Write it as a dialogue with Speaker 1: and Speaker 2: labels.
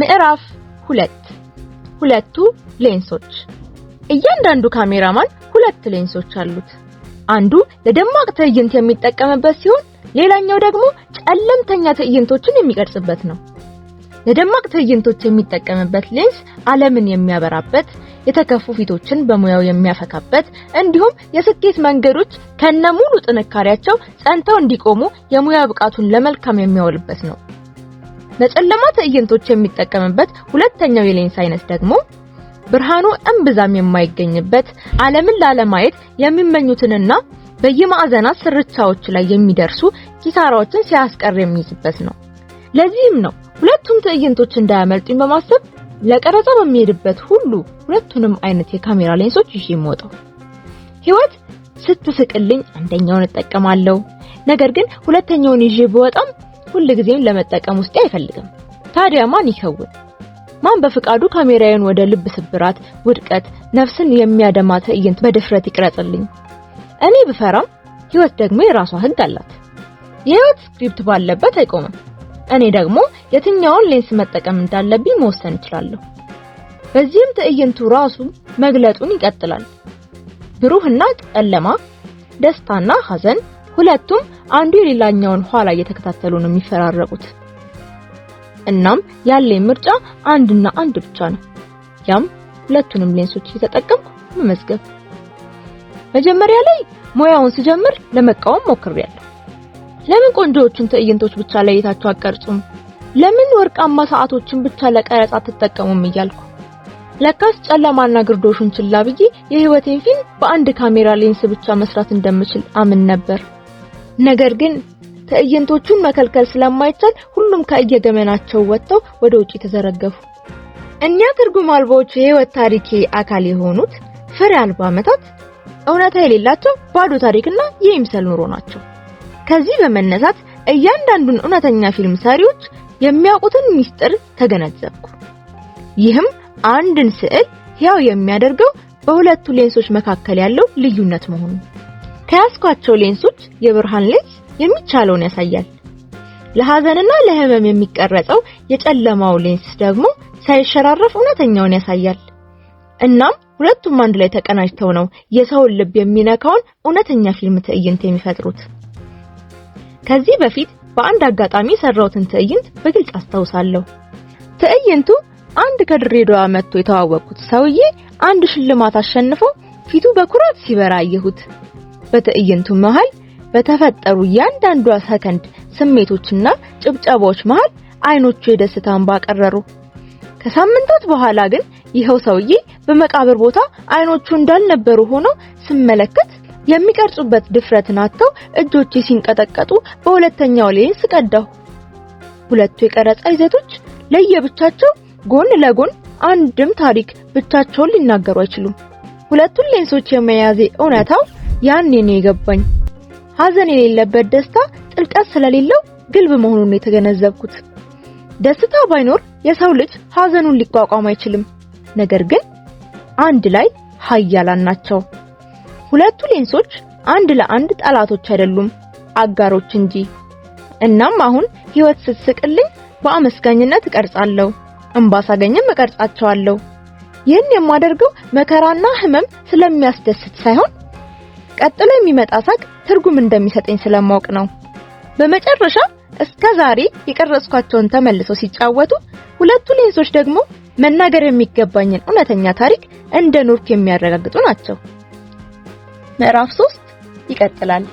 Speaker 1: ምዕራፍ ሁለት ሁለቱ ሌንሶች እያንዳንዱ ካሜራማን ሁለት ሌንሶች አሉት። አንዱ ለደማቅ ትዕይንት የሚጠቀምበት ሲሆን ሌላኛው ደግሞ ጨለምተኛ ትዕይንቶችን የሚቀርጽበት ነው። ለደማቅ ትዕይንቶች የሚጠቀምበት ሌንስ ዓለምን የሚያበራበት፣ የተከፉ ፊቶችን በሙያው የሚያፈካበት እንዲሁም የስኬት መንገዶች ከነሙሉ ጥንካሬያቸው ጸንተው እንዲቆሙ የሙያ ብቃቱን ለመልካም የሚያወልበት ነው። ለጨለማ ትዕይንቶች የሚጠቀምበት ሁለተኛው የሌንስ አይነት ደግሞ ብርሃኑ እምብዛም የማይገኝበት ዓለምን ላለማየት የሚመኙትንና በየማዕዘናት ስርቻዎች ላይ የሚደርሱ ኪሳራዎችን ሲያስቀር የሚይዝበት ነው። ለዚህም ነው ሁለቱም ትዕይንቶች እንዳያመልጡኝ በማሰብ ለቀረጻ በሚሄድበት ሁሉ ሁለቱንም አይነት የካሜራ ሌንሶች ይዤ የምወጣው። ህይወት ስትስቅልኝ አንደኛውን እጠቀማለሁ። ነገር ግን ሁለተኛውን ይዤ ብወጣም ሁል ጊዜም ለመጠቀም ውስጤ አይፈልግም። ታዲያ ማን ይከውን? ማን በፍቃዱ ካሜራዬን ወደ ልብ ስብራት፣ ውድቀት፣ ነፍስን የሚያደማ ትዕይንት በድፍረት ይቅረጽልኝ? እኔ ብፈራም ህይወት ደግሞ የራሷ ህግ አላት። የህይወት ስክሪፕት ባለበት አይቆምም። እኔ ደግሞ የትኛውን ሌንስ መጠቀም እንዳለብኝ መወሰን እችላለሁ። በዚህም ትዕይንቱ ራሱ መግለጡን ይቀጥላል። ብሩህና ጨለማ፣ ደስታና ሐዘን ሁለቱም አንዱ የሌላኛውን ኋላ እየተከታተሉ ነው የሚፈራረቁት። እናም ያለኝ ምርጫ አንድና አንድ ብቻ ነው። ያም ሁለቱንም ሌንሶች እየተጠቀምኩ መመዝገብ። መጀመሪያ ላይ ሙያውን ስጀምር ለመቃወም ሞክሬያለሁ። ለምን ቆንጆዎቹን ትዕይንቶች ብቻ ለይታችሁ አቀርጹም? ለምን ወርቃማ ሰዓቶችን ብቻ ለቀረጻ አትጠቀሙም? እያልኩ ለካስ ጨለማና ግርዶሹን ችላ ብዬ የህይወቴን ፊልም በአንድ ካሜራ ሌንስ ብቻ መስራት እንደምችል አምን ነበር። ነገር ግን ትዕይንቶቹን መከልከል ስለማይቻል ሁሉም ከየገመናቸው ወጥተው ወደ ውጪ ተዘረገፉ። እኛ ትርጉም አልባዎች የህይወት ታሪኬ አካል የሆኑት ፍሬ አልባ ዓመታት እውነታ የሌላቸው ባዶ ታሪክና የይምሰል ኑሮ ናቸው። ከዚህ በመነሳት እያንዳንዱን እውነተኛ ፊልም ሰሪዎች የሚያውቁትን ሚስጥር ተገነዘብኩ። ይህም አንድን ስዕል ሕያው የሚያደርገው በሁለቱ ሌንሶች መካከል ያለው ልዩነት መሆኑን ከያዝኳቸው ሌንሶች የብርሃን ሌንስ የሚቻለውን ያሳያል። ለሐዘንና ለህመም የሚቀረጸው የጨለማው ሌንስ ደግሞ ሳይሸራረፍ እውነተኛውን ያሳያል። እናም ሁለቱም አንድ ላይ ተቀናጅተው ነው የሰውን ልብ የሚነካውን እውነተኛ ፊልም ትዕይንት የሚፈጥሩት። ከዚህ በፊት በአንድ አጋጣሚ የሰራሁትን ትዕይንት በግልጽ አስታውሳለሁ። ትዕይንቱ አንድ ከድሬዳዋ መጥቶ የተዋወቅኩት ሰውዬ አንድ ሽልማት አሸንፎ ፊቱ በኩራት ሲበራ አየሁት። በትዕይንቱ መሃል በተፈጠሩ እያንዳንዷ ሰከንድ ስሜቶችና ጭብጨባዎች መሃል አይኖቹ የደስታ እንባ ቀረሩ። ከሳምንታት በኋላ ግን ይኸው ሰውዬ በመቃብር ቦታ አይኖቹ እንዳልነበሩ ሆኖ ስመለከት የሚቀርጹበት ድፍረትን አጥተው እጆቼ ሲንቀጠቀጡ በሁለተኛው ሌንስ ቀዳሁ። ሁለቱ የቀረጻ ይዘቶች ለየብቻቸው ጎን ለጎን አንድም ታሪክ ብቻቸውን ሊናገሩ አይችሉም። ሁለቱን ሌንሶች የመያዜ እውነታው ያኔ ነው የገባኝ ሐዘን የሌለበት ደስታ ጥልቀት ስለሌለው ግልብ መሆኑን ነው የተገነዘብኩት። ደስታ ባይኖር የሰው ልጅ ሐዘኑን ሊቋቋም አይችልም። ነገር ግን አንድ ላይ ኃያላን ናቸው። ሁለቱ ሌንሶች አንድ ለአንድ ጠላቶች አይደሉም፣ አጋሮች እንጂ። እናም አሁን ህይወት ስትስቅልኝ በአመስጋኝነት እቀርጻለሁ፣ እምባ ሳገኝም እቀርጻቸዋለሁ። ይህን የማደርገው መከራና ህመም ስለሚያስደስት ሳይሆን ቀጥሎ የሚመጣ ሳቅ ትርጉም እንደሚሰጠኝ ስለማወቅ ነው። በመጨረሻ እስከ ዛሬ የቀረጽኳቸውን ተመልሰው ሲጫወቱ፣ ሁለቱ ሌንሶች ደግሞ መናገር የሚገባኝን እውነተኛ ታሪክ እንደ ኖርክ የሚያረጋግጡ ናቸው። ምዕራፍ 3 ይቀጥላል።